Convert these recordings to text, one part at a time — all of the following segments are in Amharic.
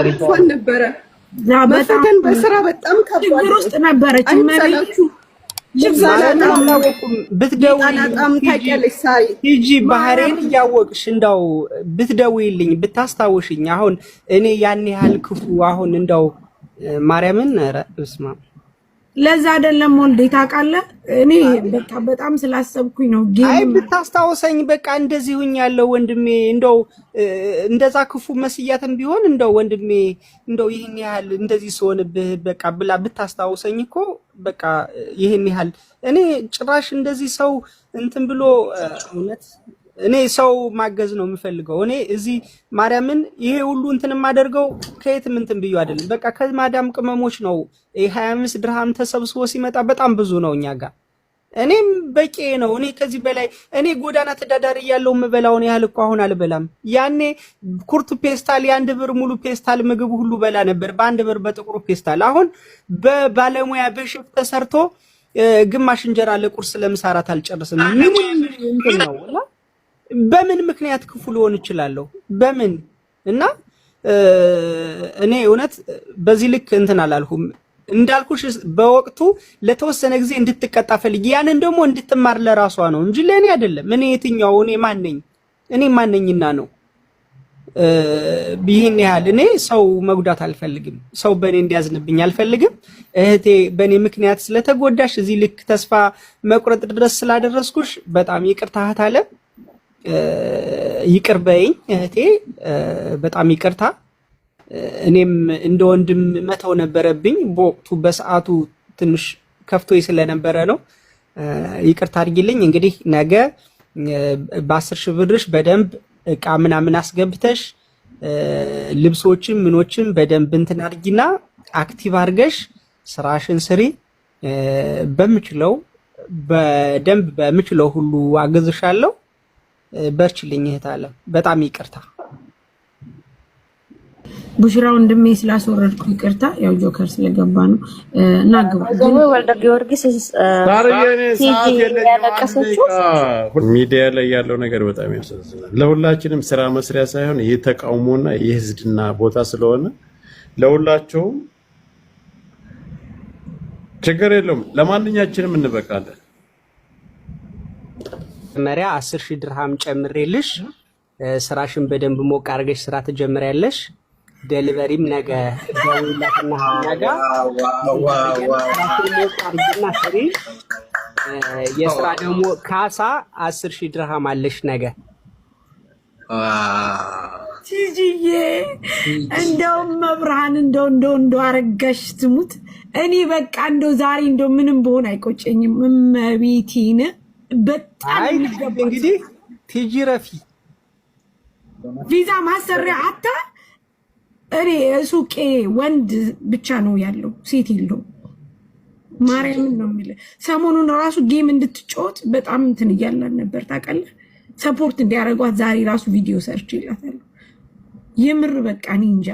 አልፏል ነበረ። መፈተን በስራ በጣም ከባድ ውስጥ ነበረች። ባህሬን እያወቅሽ እንዳው ብትደውይልኝ ብታስታውሽኝ። አሁን እኔ ያን ያህል ክፉ አሁን እንዳው ማርያምን ኧረ በስመ አብ ለዛ አይደለም ወልዴ ታውቃለህ፣ እኔ በቃ በጣም ስላሰብኩኝ ነው። አይ ብታስታውሰኝ በቃ እንደዚህ ሁኝ ያለው ወንድሜ፣ እንደው እንደዛ ክፉ መስያትም ቢሆን እንደው ወንድሜ፣ እንደው ይህን ያህል እንደዚህ ስሆንብህ በቃ ብላ ብታስታውሰኝ እኮ በቃ ይህን ያህል እኔ ጭራሽ እንደዚህ ሰው እንትን ብሎ እውነት እኔ ሰው ማገዝ ነው የምፈልገው። እኔ እዚህ ማርያምን ይሄ ሁሉ እንትን የማደርገው ከየትም እንትን ብዩ አይደለም። በቃ ከማዳም ቅመሞች ነው። ሀያ አምስት ድርሃም ተሰብስቦ ሲመጣ በጣም ብዙ ነው እኛ ጋር። እኔም በቂ ነው። እኔ ከዚህ በላይ እኔ ጎዳና ተዳዳሪ እያለሁ የምበላውን ያህል እኮ አሁን አልበላም። ያኔ ኩርት ፔስታል የአንድ ብር ሙሉ ፔስታል ምግብ ሁሉ በላ ነበር፣ በአንድ ብር በጥቁሩ ፔስታል። አሁን በባለሙያ በሽፍ ተሰርቶ ግማሽ እንጀራ ለቁርስ ለምሳራት አልጨርስም። ምን እንትን ነው በምን ምክንያት ክፉ ልሆን እችላለሁ? በምን እና እኔ እውነት በዚህ ልክ እንትን አላልኩም። እንዳልኩሽ በወቅቱ ለተወሰነ ጊዜ እንድትቀጣ ፈልጊ፣ ያንን ደግሞ እንድትማር ለራሷ ነው እንጂ ለእኔ አይደለም። እኔ የትኛው እኔ ማነኝ? እኔ ማነኝና ነው ይህን ያህል እኔ ሰው መጉዳት አልፈልግም። ሰው በእኔ እንዲያዝንብኝ አልፈልግም። እህቴ በእኔ ምክንያት ስለተጎዳሽ እዚህ ልክ ተስፋ መቁረጥ ድረስ ስላደረስኩሽ በጣም ይቅርታ እህት አለ ይቅር በይኝ እህቴ፣ በጣም ይቅርታ። እኔም እንደ ወንድም መተው ነበረብኝ በወቅቱ በሰዓቱ ትንሽ ከፍቶ ስለነበረ ነው። ይቅርታ አድርጊልኝ። እንግዲህ ነገ በአስር ሺህ ብርሽ በደንብ እቃ ምናምን አስገብተሽ ልብሶችን ምኖችን በደንብ እንትን አድርጊና አክቲቭ አድርገሽ ስራሽን ስሪ። በምችለው በደንብ በምችለው ሁሉ አግዝሻለሁ። በርችልኝ እህት አለም በጣም ይቅርታ ቡሽራ ወንድሜ ስላስወረድኩ ይቅርታ። ያው ጆከር ስለገባ ነው እና ደግሞ ወልደ ጊዮርጊስ ያለቀሰችው ሚዲያ ላይ ያለው ነገር በጣም ያሳዝናል። ለሁላችንም ስራ መስሪያ ሳይሆን ይህ ተቃውሞና የህዝድና ቦታ ስለሆነ ለሁላቸውም ችግር የለውም። ለማንኛችንም እንበቃለን። መጀመሪያ አስር ሺህ ድርሃም ጨምሬልሽ ስራሽን በደንብ ሞቅ አድርገሽ ስራ ትጀምሪያለሽ። ደሊቨሪም ነገ ደውላትና ስሪ። የስራ ደግሞ ካሳ አስር ሺህ ድርሃም አለሽ ነገ ቲጂዬ እንደውም መብርሃን እንደው እንደ እንደ አረጋሽ ትሙት። እኔ በቃ እንደ ዛሬ እንደው ምንም በሆን አይቆጨኝም እመቤቴን በጣም እንግዲህ ቲጂ ረፊ ቪዛ ማሰሪያ አታ እኔ ሱቄ ወንድ ብቻ ነው ያለው፣ ሴት የለው። ማርያምን ነው የሚል ሰሞኑን ራሱ ጌም እንድትጫወት በጣም እንትን እያላን ነበር ታውቃለህ፣ ሰፖርት እንዲያደርጓት ዛሬ ራሱ ቪዲዮ ሰርች ይላታሉ። የምር በቃ እኔ እንጃ።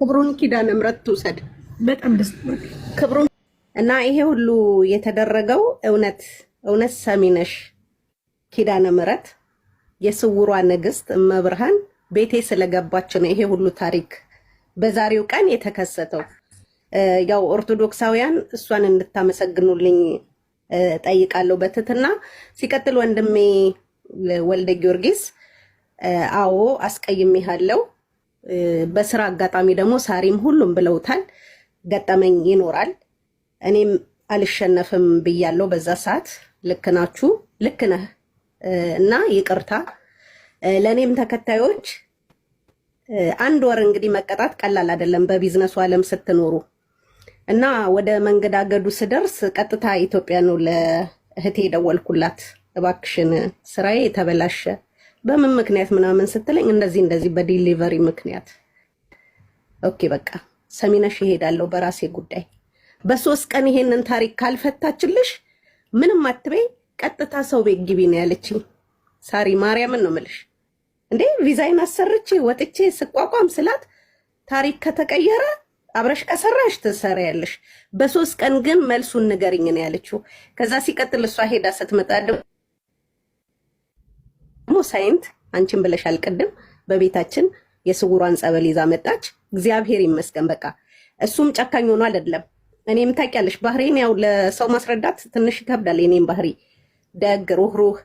ክብሩን ኪዳነ ምሕረት ትውሰድ። በጣም ደስ ክብሩን እና ይሄ ሁሉ የተደረገው እውነት እውነት ሰሚነሽ ኪዳነ ምሕረት የስውሯ ንግስት እመብርሃን ቤቴ ስለገባች ነው። ይሄ ሁሉ ታሪክ በዛሬው ቀን የተከሰተው ያው ኦርቶዶክሳውያን እሷን እንድታመሰግኑልኝ ጠይቃለሁ በትትና ሲቀጥል ወንድሜ ወልደ ጊዮርጊስ አዎ አስቀይሜሃለሁ። በስራ አጋጣሚ ደግሞ ሳሪም ሁሉም ብለውታል ገጠመኝ ይኖራል እኔም አልሸነፍም ብያለው በዛ ሰዓት። ልክ ናችሁ፣ ልክ ነህ እና ይቅርታ ለእኔም ተከታዮች አንድ ወር እንግዲህ መቀጣት ቀላል አይደለም በቢዝነሱ አለም ስትኖሩ እና ወደ መንገድ አገዱ ስደርስ ቀጥታ ኢትዮጵያ ነው ለእህቴ የደወልኩላት። እባክሽን ስራዬ የተበላሸ በምን ምክንያት ምናምን ስትለኝ እንደዚህ እንደዚህ በዲሊቨሪ ምክንያት ኦኬ፣ በቃ ሰሚነሽ ይሄዳለሁ በራሴ ጉዳይ በሶስት ቀን ይሄንን ታሪክ ካልፈታችልሽ ምንም አትበይ፣ ቀጥታ ሰው ቤት ግቢ ነው ያለችኝ። ሳሪ ማርያምን ነው ምልሽ። እንዴ ቪዛይን አሰርቼ ወጥቼ ስቋቋም ስላት ታሪክ ከተቀየረ አብረሽ ከሰራሽ ትሰሪያለሽ፣ በሶስት ቀን ግን መልሱን ንገሪኝ ነው ያለችው። ከዛ ሲቀጥል እሷ ሄዳ ስትመጣ ደግሞ ሳይንት አንቺን ብለሽ አልቀድም በቤታችን የስውሯን ጸበል ይዛ መጣች። እግዚአብሔር ይመስገን። በቃ እሱም ጨካኝ ሆኖ አይደለም እኔም ታውቂያለሽ ባህሬን ያው ለሰው ማስረዳት ትንሽ ይከብዳል። የኔም ባህሪ ደግ፣ ሩህሩህ፣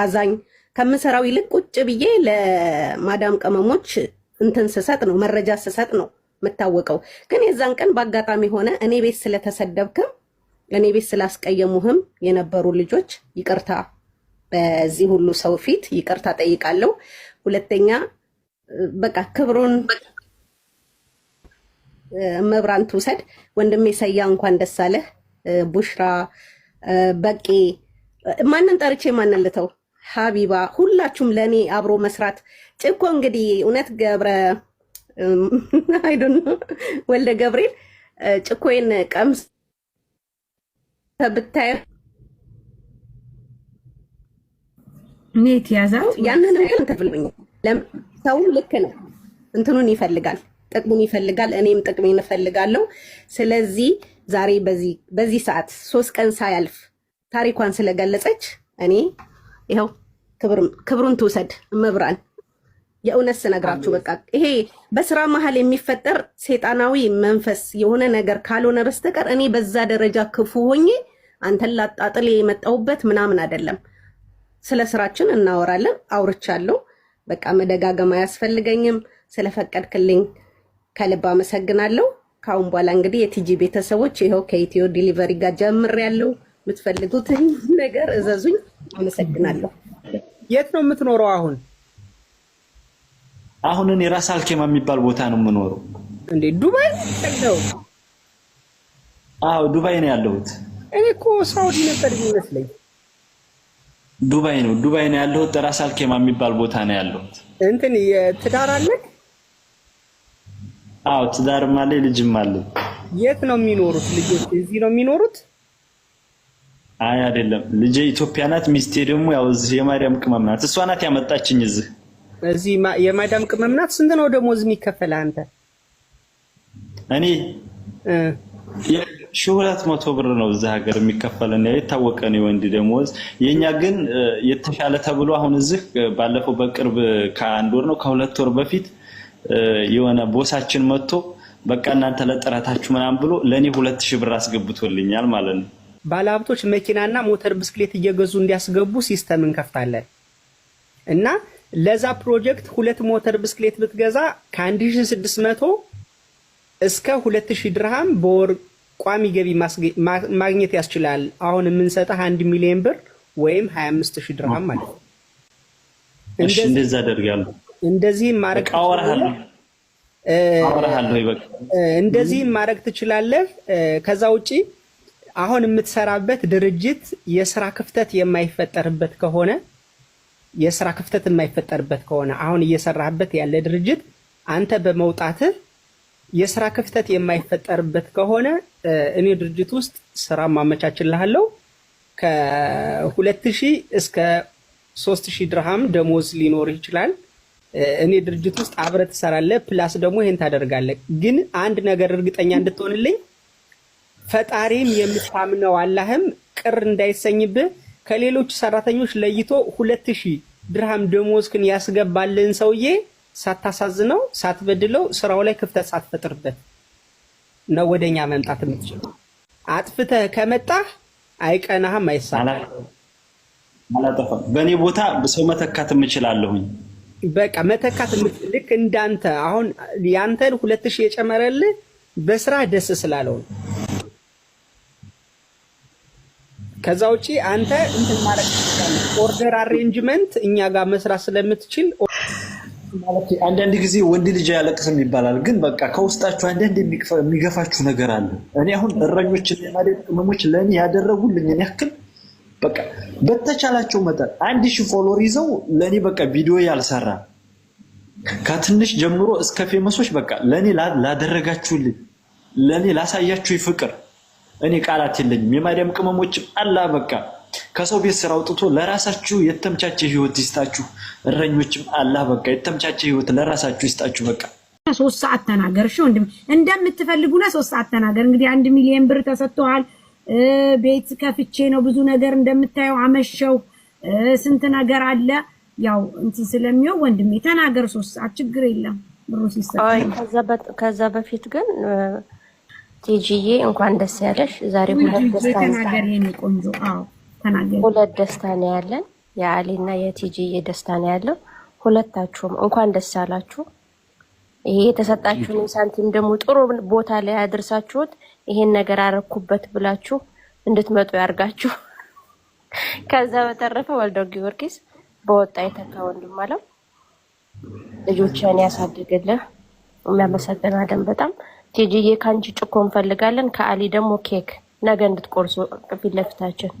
አዛኝ ከምሰራው ይልቅ ቁጭ ብዬ ለማዳም ቅመሞች እንትን ስሰጥ ነው መረጃ ስሰጥ ነው የምታወቀው። ግን የዛን ቀን በአጋጣሚ ሆነ እኔ ቤት ስለተሰደብክም እኔ ቤት ስላስቀየሙህም የነበሩ ልጆች ይቅርታ፣ በዚህ ሁሉ ሰው ፊት ይቅርታ ጠይቃለሁ። ሁለተኛ በቃ ክብሩን መብራን ትውሰድ። ወንድሜ ሰያ እንኳን ደስ አለህ። ቡሽራ በቄ፣ ማንን ጠርቼ ማንን ልተው? ሀቢባ፣ ሁላችሁም ለእኔ አብሮ መስራት ጭኮ እንግዲህ እውነት ገብረ አይዶ ወልደ ገብርኤል ጭኮይን ቀምስ ተብታየ ኔት ያዛት ያንን ተብሎኛል። ሰውም ልክ ነው፣ እንትኑን ይፈልጋል ጥቅሙን ይፈልጋል፣ እኔም ጥቅሜ እንፈልጋለሁ ስለዚህ ዛሬ በዚህ ሰዓት ሶስት ቀን ሳያልፍ ታሪኳን ስለገለጸች እኔ ይኸው ክብሩን ትውሰድ መብራን የእውነት ስነግራችሁ በቃ ይሄ በስራ መሀል የሚፈጠር ሴጣናዊ መንፈስ የሆነ ነገር ካልሆነ በስተቀር እኔ በዛ ደረጃ ክፉ ሆኜ አንተን ላጣጥል የመጣሁበት ምናምን አይደለም። ስለ ስራችን እናወራለን። አውርቻለሁ። በቃ መደጋገም አያስፈልገኝም። ስለፈቀድክልኝ ከልብ አመሰግናለሁ። ከአሁን በኋላ እንግዲህ የቲጂ ቤተሰቦች ይኸው ከኢትዮ ዲሊቨሪ ጋር ጀምሬያለሁ። የምትፈልጉትን ነገር እዘዙኝ። አመሰግናለሁ። የት ነው የምትኖረው አሁን? አሁን እኔ ራስ አልኬማ የሚባል ቦታ ነው የምኖረው። እንዴ ዱባይ ነው? አዎ ዱባይ ነው ያለሁት። እኔ እኮ ሳውዲ ነበር የሚመስለኝ። ዱባይ ነው ዱባይ ነው ያለሁት። ራስ አልኬማ የሚባል ቦታ ነው ያለሁት። እንትን ትዳር አለ አዎ ትዳርም አለ ልጅም አለ። የት ነው የሚኖሩት ልጆች? እዚህ ነው የሚኖሩት? አይ አይደለም፣ ልጄ ኢትዮጵያ ናት። ሚስቴ ደግሞ ያው እዚህ የማርያም ቅመም ናት። እሷ ናት ያመጣችኝ እዚህ እዚህ የማዳም ቅመም ናት። ስንት ነው ደሞዝ የሚከፈልህ አንተ? እኔ ሺህ ሁለት መቶ ብር ነው እዚህ ሀገር የሚከፈለን፣ የታወቀ ነው የወንድ ደሞዝ። የኛ ግን የተሻለ ተብሎ አሁን እዚህ ባለፈው በቅርብ ከአንድ ወር ነው ከሁለት ወር በፊት የሆነ ቦሳችን መጥቶ በቃ እናንተ ለጥረታችሁ ምናምን ብሎ ለእኔ ሁለት ሺህ ብር አስገብቶልኛል ማለት ነው። ባለሀብቶች መኪናና ሞተር ብስክሌት እየገዙ እንዲያስገቡ ሲስተም እንከፍታለን እና ለዛ ፕሮጀክት ሁለት ሞተር ብስክሌት ብትገዛ ከ1600 እስከ 2000 ድርሃም በወር ቋሚ ገቢ ማግኘት ያስችላል። አሁን የምንሰጠህ አንድ ሚሊዮን ብር ወይም 25000 ድርሃም ማለት ነው። እንደዛ አደርጋለሁ። እንደዚህም ማድረግ እንደዚህ ማድረግ ትችላለህ። ከዛ ውጪ አሁን የምትሰራበት ድርጅት የስራ ክፍተት የማይፈጠርበት ከሆነ የስራ ክፍተት የማይፈጠርበት ከሆነ አሁን እየሰራህበት ያለ ድርጅት አንተ በመውጣትህ የስራ ክፍተት የማይፈጠርበት ከሆነ እኔ ድርጅት ውስጥ ስራ ማመቻችልሃለሁ። ከሁለት ሺህ እስከ ሶስት ሺህ ድርሃም ደሞዝ ሊኖር ይችላል። እኔ ድርጅት ውስጥ አብረ ትሰራለ፣ ፕላስ ደግሞ ይሄን ታደርጋለ። ግን አንድ ነገር እርግጠኛ እንድትሆንልኝ ፈጣሪም የምታምነው አላህም ቅር እንዳይሰኝብህ ከሌሎች ሰራተኞች ለይቶ ሁለት ሺህ ድርሃም ደሞዝክን ያስገባልን ሰውዬ ሳታሳዝነው ሳትበድለው ስራው ላይ ክፍተት ሳትፈጥርበት ነው ወደኛ መምጣት የምትችለው። አጥፍተህ ከመጣህ አይቀናህም፣ አይሳ አላጠፋም። በእኔ ቦታ ሰው መተካት የምችላለሁኝ። በቃ መተካት ልክ እንዳንተ አሁን ያንተን ሁለት ሺህ የጨመረልህ በስራ ደስ ስላለው ነው። ከዛ ውጪ አንተ እንትን ማለት ኦርደር አሬንጅመንት እኛ ጋር መስራት ስለምትችል አንዳንድ ጊዜ ወንድ ልጅ አያለቅስም ይባላል። ግን በቃ ከውስጣችሁ አንዳንድ የሚገፋችሁ ነገር አለ። እኔ አሁን እረኞች ቅመሞች ለእኔ ያደረጉልኝን ያክል በቃ በተቻላቸው መጠን አንድ ሺህ ፎሎወር ይዘው ለእኔ በቃ ቪዲዮ ያልሰራ ከትንሽ ጀምሮ እስከ ፌመሶች በቃ ለእኔ ላደረጋችሁልኝ ለእኔ ላሳያችሁ ፍቅር እኔ ቃላት የለኝም። የማርያም ቅመሞች አላ በቃ ከሰው ቤት ስራ አውጥቶ ለራሳችሁ የተምቻቸ ህይወት ይስጣችሁ። እረኞችም አላ በቃ የተምቻቸ ህይወት ለራሳችሁ ይስጣችሁ። በቃ ሶስት ሰዓት ተናገር እንደምትፈልጉ ለ ሶስት ሰዓት ተናገር። እንግዲህ አንድ ሚሊዮን ብር ተሰጥተዋል። ቤት ከፍቼ ነው ብዙ ነገር እንደምታየው አመሸው፣ ስንት ነገር አለ። ያው እንትን ስለሚሆን ወንድሜ ተናገር፣ ሶስት ሰዓት ችግር የለም ብሩ ሲሰጥ። ከዛ በፊት ግን ቲጂዬ እንኳን ደስ ያለሽ። ዛሬ ሁለት ደስታ ተናገር፣ የኔ አዎ ተናገር። ሁለት ደስታ ነው ያለን፣ የአሊና የቲጂዬ ደስታ ነው ያለው። ሁለታችሁም እንኳን ደስ ያላችሁ። ይሄ የተሰጣችሁንም ሳንቲም ደግሞ ጥሩ ቦታ ላይ ያደርሳችሁት ይሄን ነገር አረኩበት ብላችሁ እንድትመጡ ያርጋችሁ። ከዛ በተረፈ ወልደው ጊዮርጊስ በወጣ የተካ ወንድም አለው ልጆችን ያሳድግልህ። የሚያመሰግን አደም በጣም ቲጂዬ፣ ከአንቺ ጭኮ እንፈልጋለን። ከአሊ ደግሞ ኬክ ነገ እንድትቆርሱ ፊት ለፊታችን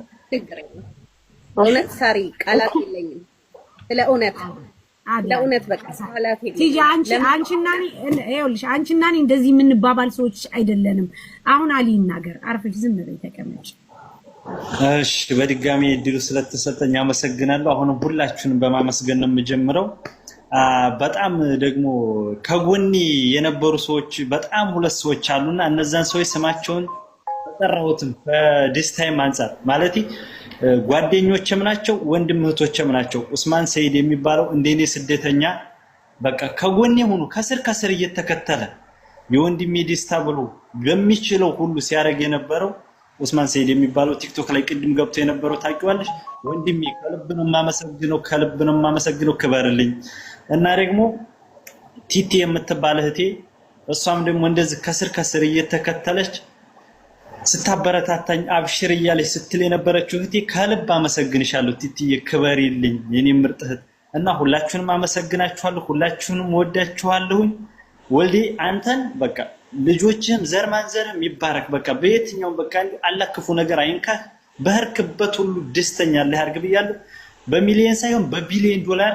እውነት ሳሪ ቃላት የለኝም ስለ እውነት ለእውነት በቃ አንቺና እኔ እንደዚህ የምንባባል ሰዎች አይደለንም። አሁን አሊ ይናገር። አርፈሽ ዝም በይ ተቀመጭ። እሺ፣ በድጋሚ እድሉ ስለተሰጠኝ አመሰግናለሁ። አሁንም ሁላችሁንም በማመስገን ነው የምጀምረው። በጣም ደግሞ ከጎኒ የነበሩ ሰዎች በጣም ሁለት ሰዎች አሉና እነዛን ሰዎች ስማቸውን አልጠራሁትም ከደስታዬም አንጻር ማለት ጓደኞችም ናቸው ወንድም እህቶችም ናቸው። ኡስማን ሰይድ የሚባለው እንደኔ ስደተኛ በቃ ከጎኔ ሆኖ ከስር ከስር እየተከተለ የወንድሜ ደስታ ብሎ በሚችለው ሁሉ ሲያደርግ የነበረው ኡስማን ሰይድ የሚባለው ቲክቶክ ላይ ቅድም ገብቶ የነበረው ታውቂዋለሽ። ወንድሜ ከልብ ነው የማመሰግነው፣ ከልብ ነው የማመሰግነው፣ ክበርልኝ እና ደግሞ ቲቲ የምትባል እህቴ እሷም ደግሞ እንደዚህ ከስር ከስር እየተከተለች ስታበረታታኝ አብሽር እያለች ስትል የነበረችው እህቴ ከልብ አመሰግንሻለሁ። ቲትዬ ክበሪልኝ የኔ ምርጥ እህት እና ሁላችሁንም አመሰግናችኋለሁ። ሁላችሁንም ወዳችኋለሁኝ። ወልዴ አንተን በቃ ልጆችህም ዘር ማንዘርም ይባረክ። በቃ በየትኛውም በቃ አላህ ክፉ ነገር አይንካ፣ በህርክበት ሁሉ ደስተኛ አለህ ያርግ ብያለሁ። በሚሊየን ሳይሆን በቢሊየን ዶላር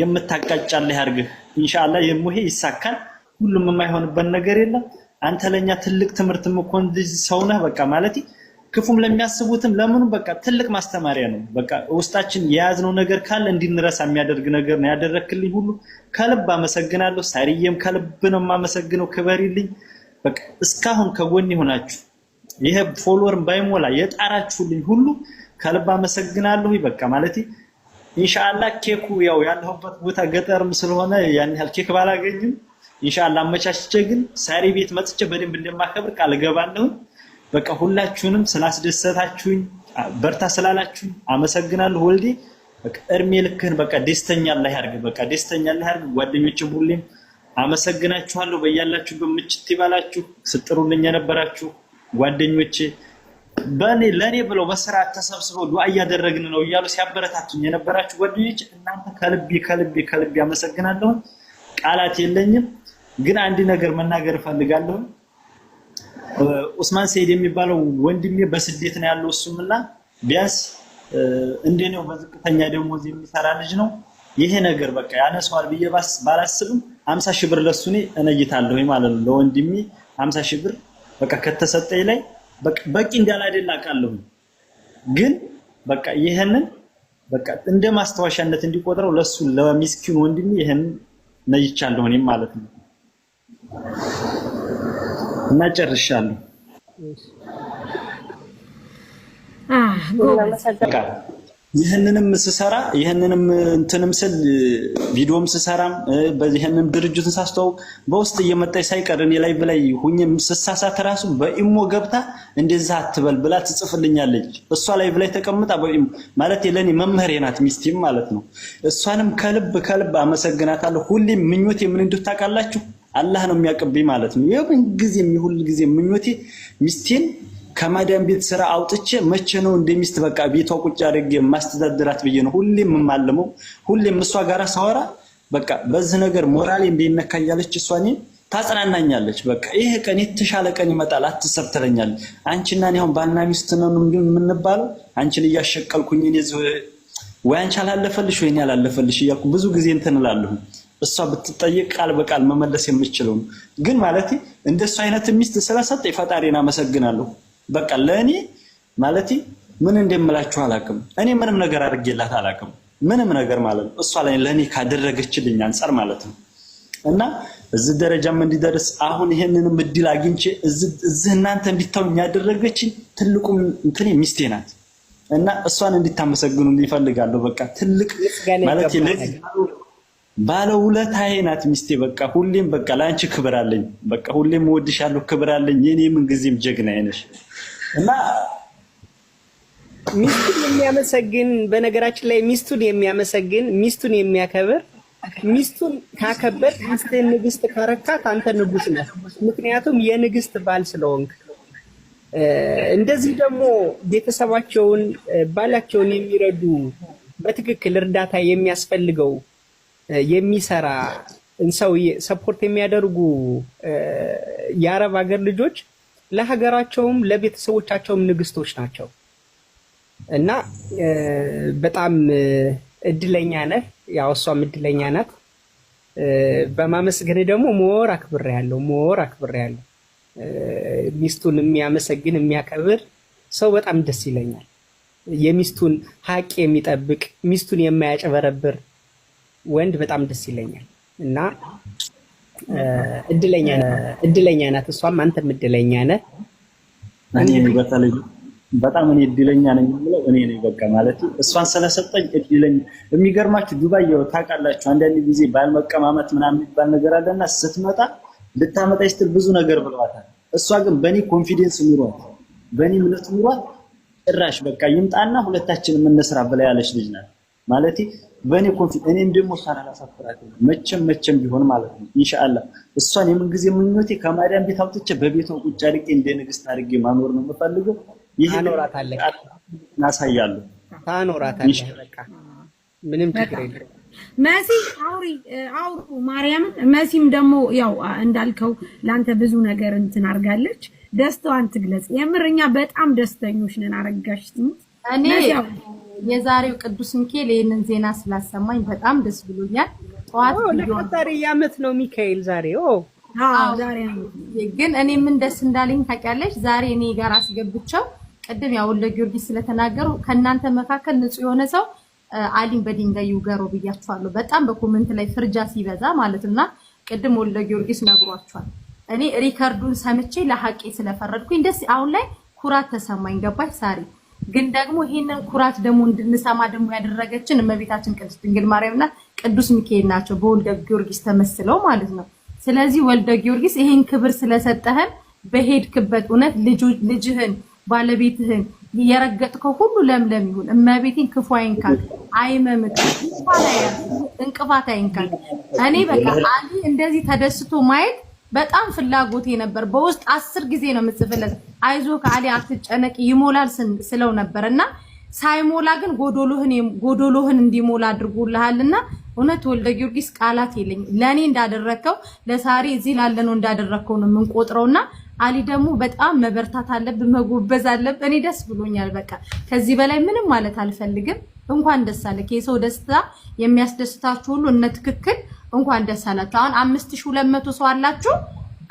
የምታቃጫለህ ያርግህ። ኢንሻአላህ የሙሄ ይሳካል። ሁሉም የማይሆንበት ነገር የለም። አንተ ለኛ ትልቅ ትምህርት ምኮን ልጅ ሰው ነህ። በቃ ማለት ክፉም ለሚያስቡትም ለምኑም በቃ ትልቅ ማስተማሪያ ነው። በቃ ውስጣችን የያዝነው ነገር ካለ እንዲንረሳ የሚያደርግ ነገር ነው ያደረክልኝ ሁሉ ከልብ አመሰግናለሁ። ሳሪየም ከልብ ነው የማመሰግነው። ክበሪልኝ። በቃ እስካሁን ከጎን ይሆናችሁ ይሄ ፎሎወርም ባይሞላ የጣራችሁልኝ ሁሉ ከልብ አመሰግናለሁ። በቃ ማለት ኢንሻአላህ ኬኩ ያው ያለሁበት ቦታ ገጠርም ስለሆነ ያን ያህል ኬክ ባላገኝም ኢንሻአላ አመቻችቼ ግን ሳሪ ቤት መጥቼ በደንብ እንደማከብር ቃል ገባለሁ። በቃ ሁላችሁንም ስላስደሰታችሁኝ በርታ ስላላችሁኝ አመሰግናለሁ። ወልዴ በቃ እድሜ ልክህን በቃ ደስተኛ አላህ ያድርግ። በቃ ደስተኛ አላህ ያድርግ። ጓደኞችም ሁሌም አመሰግናችኋለሁ። በያላችሁ በምችት ይባላችሁ ስጥሩልኝ የነበራችሁ ጓደኞቼ በኔ ለኔ ብለው በስርዓት ተሰብስበው ዱዓ እያደረግን ነው እያሉ ሲያበረታቱኝ የነበራችሁ ጓደኞች እናንተ ከልቤ ከልቤ ከልቤ አመሰግናለሁ። ቃላት የለኝም። ግን አንድ ነገር መናገር እፈልጋለሁ። ኡስማን ሰይድ የሚባለው ወንድሜ በስደት ነው ያለው። እሱምና እና ቢያንስ እንደኔው በዝቅተኛ ደሞዝ የሚሰራ ልጅ ነው። ይሄ ነገር በቃ ያነሰዋል ብዬ ባላስብም 50 ሺህ ብር ለሱ እኔ እነይታለሁ ማለት ነው። ለወንድሜ 50 ሺህ ብር በቃ ከተሰጠኝ ላይ በቂ እንዳል አይደል አውቃለሁ። ግን በቃ ይሄንን በቃ እንደ ማስታወሻነት እንዲቆጥረው ለሱ ለሚስኪን ወንድሜ ይሄንን ነይቻለሁ እኔም ማለት ነው። እና ጨርሻለሁ። ይህንንም ስሰራ ይህንንም እንትንም ስል ቪዲዮም ስሰራም ይህንም ድርጅቱን ሳስተዋውቅ በውስጥ እየመጣች ሳይቀር እኔ ላይ ብላይ ሁኝም ስሳሳት ራሱ በኢሞ ገብታ እንደዛ አትበል ብላ ትጽፍልኛለች። እሷ ላይ ብላይ ተቀምጣ በኢሞ ማለት ለእኔ መምህሬ ናት፣ ሚስቴም ማለት ነው። እሷንም ከልብ ከልብ አመሰግናታለሁ። ሁሌም ምኞቴ ምን እንድታውቃላችሁ አላህ ነው የሚያቅብኝ ማለት ነው። የምን ጊዜም የሚሁል ጊዜ ምኞቴ ሚስቴን ከማዳን ቤት ስራ አውጥቼ መቼ ነው እንደ ሚስት በቃ ቤቷ ቁጭ አድርጌ ማስተዳደራት ብዬ ነው ሁሌም የማልመው። ሁሌም እሷ ጋራ ሳወራ በቃ በዚህ ነገር ሞራሌ እንደይነካ እያለች እሷ እኔን ታጽናናኛለች። በቃ ይሄ ቀን የተሻለ ቀን ይመጣል አትሰብ ትለኛለች። አንቺና እኔ አሁን ባልና ሚስት ነን የምንባለው አንቺን እያሸቀልኩኝ እኔ ወይ አንቺ አላለፈልሽ ወይ እኔ አላለፈልሽ እያልኩ ብዙ ጊዜ እንትን እላለሁ። እሷ ብትጠይቅ ቃል በቃል መመለስ የምችለው ነው። ግን ማለት እንደሱ አይነት ሚስት ስለሰጠ ፈጣሪን አመሰግናለሁ። በቃ ለእኔ ማለት ምን እንደምላችሁ አላውቅም። እኔ ምንም ነገር አድርጌላት አላውቅም። ምንም ነገር ማለት ነው እሷ ላይ ለእኔ ካደረገችልኝ አንጻር ማለት ነው እና እዚህ ደረጃም እንዲደርስ አሁን ይሄንንም እድል አግኝቼ እዚህ እናንተ እንዲታውኝ ያደረገችኝ ትልቁ እንትን ሚስቴ ናት እና እሷን እንዲታመሰግኑ ይፈልጋለሁ። በቃ ትልቅ ማለት ባለውለታዬ ናት ሚስቴ። በቃ ሁሌም በቃ ለአንቺ ክብር አለኝ። በቃ ሁሌም እወድሻለሁ፣ ክብር አለኝ። የኔ ምንጊዜም ጀግና አይነሽ እና ሚስቱን የሚያመሰግን በነገራችን ላይ ሚስቱን የሚያመሰግን ሚስቱን የሚያከብር ሚስቱን ካከበር ሚስትህን ንግስት ካረካት አንተ ንጉስ ነህ። ምክንያቱም የንግስት ባል ስለሆንክ። እንደዚህ ደግሞ ቤተሰባቸውን ባላቸውን የሚረዱ በትክክል እርዳታ የሚያስፈልገው የሚሰራ ሰው ሰፖርት የሚያደርጉ የአረብ ሀገር ልጆች ለሀገራቸውም ለቤተሰቦቻቸውም ንግስቶች ናቸው እና በጣም እድለኛ ነህ። ያው እሷም እድለኛ ናት። በማመስገን ደግሞ ሞር አክብር ያለው ሞር አክብር ያለው ሚስቱን የሚያመሰግን የሚያከብር ሰው በጣም ደስ ይለኛል። የሚስቱን ሀቅ የሚጠብቅ ሚስቱን የማያጭበረብር ወንድ በጣም ደስ ይለኛል እና እድለኛ ናት እሷም፣ አንተም እድለኛ ነህ። በጣም እኔ እድለኛ ነኝ የምለው እኔ ነኝ። በቃ ማለት እሷን ስለሰጠኝ እድለኛ። የሚገርማችሁ ዱባይ ያው ታውቃላችሁ፣ አንዳንድ ጊዜ ባልመቀማመጥ ምናምን የሚባል ነገር አለና ስትመጣ ልታመጣ ስትል ብዙ ነገር ብሏታል እሷ ግን በእኔ ኮንፊደንስ ኑሯት፣ በእኔ እምነት ኑሯት ጭራሽ በቃ ይምጣና ሁለታችን የምንስራ ብላ ያለች ልጅ ናት። ማለት በእኔ ኮንፊ እኔም ደግሞ እሷን አላሳፍራት መቼም መቼም ቢሆን ማለት ነው። ኢንሻአላህ እሷን የምን ጊዜ ምኞቴ ከማዳን ቤት አውጥቼ በቤቷ ቁጭ አድርጌ እንደ ንግስት አድርጌ ማኖር ነው የምፈልገው። ይሄ ኖራታለህ እናሳያለሁ። ታኖራታለህ። በቃ ምንም ችግር የለም። መሲ አውሪ አውሩ ማርያምን። መሲም ደግሞ ያው እንዳልከው ለአንተ ብዙ ነገር እንትን አድርጋለች። ደስታዋን ትግለጽ። የምር እኛ በጣም ደስተኞች ነን። አረጋሽ ትሙት እኔ የዛሬው ቅዱስ ሚካኤል ይህንን ዜና ስላሰማኝ በጣም ደስ ብሎኛል። ጠዋት ለቀጣሪ ዓመት ነው ሚካኤል ዛሬ ግን እኔ ምን ደስ እንዳለኝ ታውቂያለሽ? ዛሬ እኔ ጋር አስገብቸው ቅድም ያው ለጊዮርጊስ ስለተናገሩ ከእናንተ መካከል ንጹህ የሆነ ሰው አሊም በድንጋይ ይውገረው ብያቸዋለሁ። በጣም በኮመንት ላይ ፍርጃ ሲበዛ ማለት እና ቅድም ወልደ ጊዮርጊስ ነግሯቸዋል። እኔ ሪከርዱን ሰምቼ ለሀቄ ስለፈረድኩኝ ደስ አሁን ላይ ኩራት ተሰማኝ። ገባሽ ዛሬ ግን ደግሞ ይህንን ኩራት ደግሞ እንድንሰማ ደግሞ ያደረገችን እመቤታችን ቅድስት ድንግል ማርያምና ቅዱስ ሚካኤል ናቸው፣ በወልደ ጊዮርጊስ ተመስለው ማለት ነው። ስለዚህ ወልደ ጊዮርጊስ ይህን ክብር ስለሰጠህን በሄድክበት እውነት ልጅህን ባለቤትህን የረገጥከው ሁሉ ለምለም ይሁን። እመቤቴን ክፉ አይንካል፣ አይመምቅ፣ እንቅፋት አይንካል። እኔ በቃ እንደዚህ ተደስቶ ማየት በጣም ፍላጎቴ ነበር። በውስጥ አስር ጊዜ ነው የምጽፍለት። አይዞ ከአሊ አትጨነቅ ይሞላል ስለው ነበር እና ሳይሞላ ግን ጎዶሎህን እንዲሞላ አድርጎልሃል እና እውነት ወልደ ጊዮርጊስ ቃላት የለኝ ለእኔ እንዳደረግከው ለሳሪ እዚህ ላለነው እንዳደረግከው ነው የምንቆጥረው እና አሊ ደግሞ በጣም መበርታት አለብ መጎበዝ አለብ እኔ ደስ ብሎኛል። በቃ ከዚህ በላይ ምንም ማለት አልፈልግም። እንኳን ደስ አለ። የሰው ደስታ የሚያስደስታችሁ ሁሉ እነ ትክክል እንኳን ደስ አላችሁ። አሁን አምስት ሺህ ሁለት መቶ ሰው አላችሁ።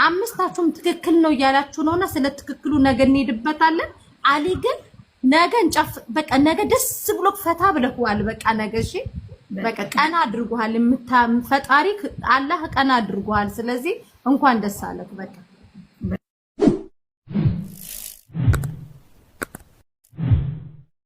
አምስታችሁም ትክክል ነው እያላችሁ ነውና ስለ ትክክሉ ነገ እንሄድበታለን። አሊ ግን ነገ እንጨፍ በቃ ነገ ደስ ብሎ ፈታ ብለዋል። በቃ ነገ እሺ በቃ ቀና አድርጓል። ፈጣሪ አላህ ቀና አድርጓል። ስለዚህ እንኳን ደስ አለህ በቃ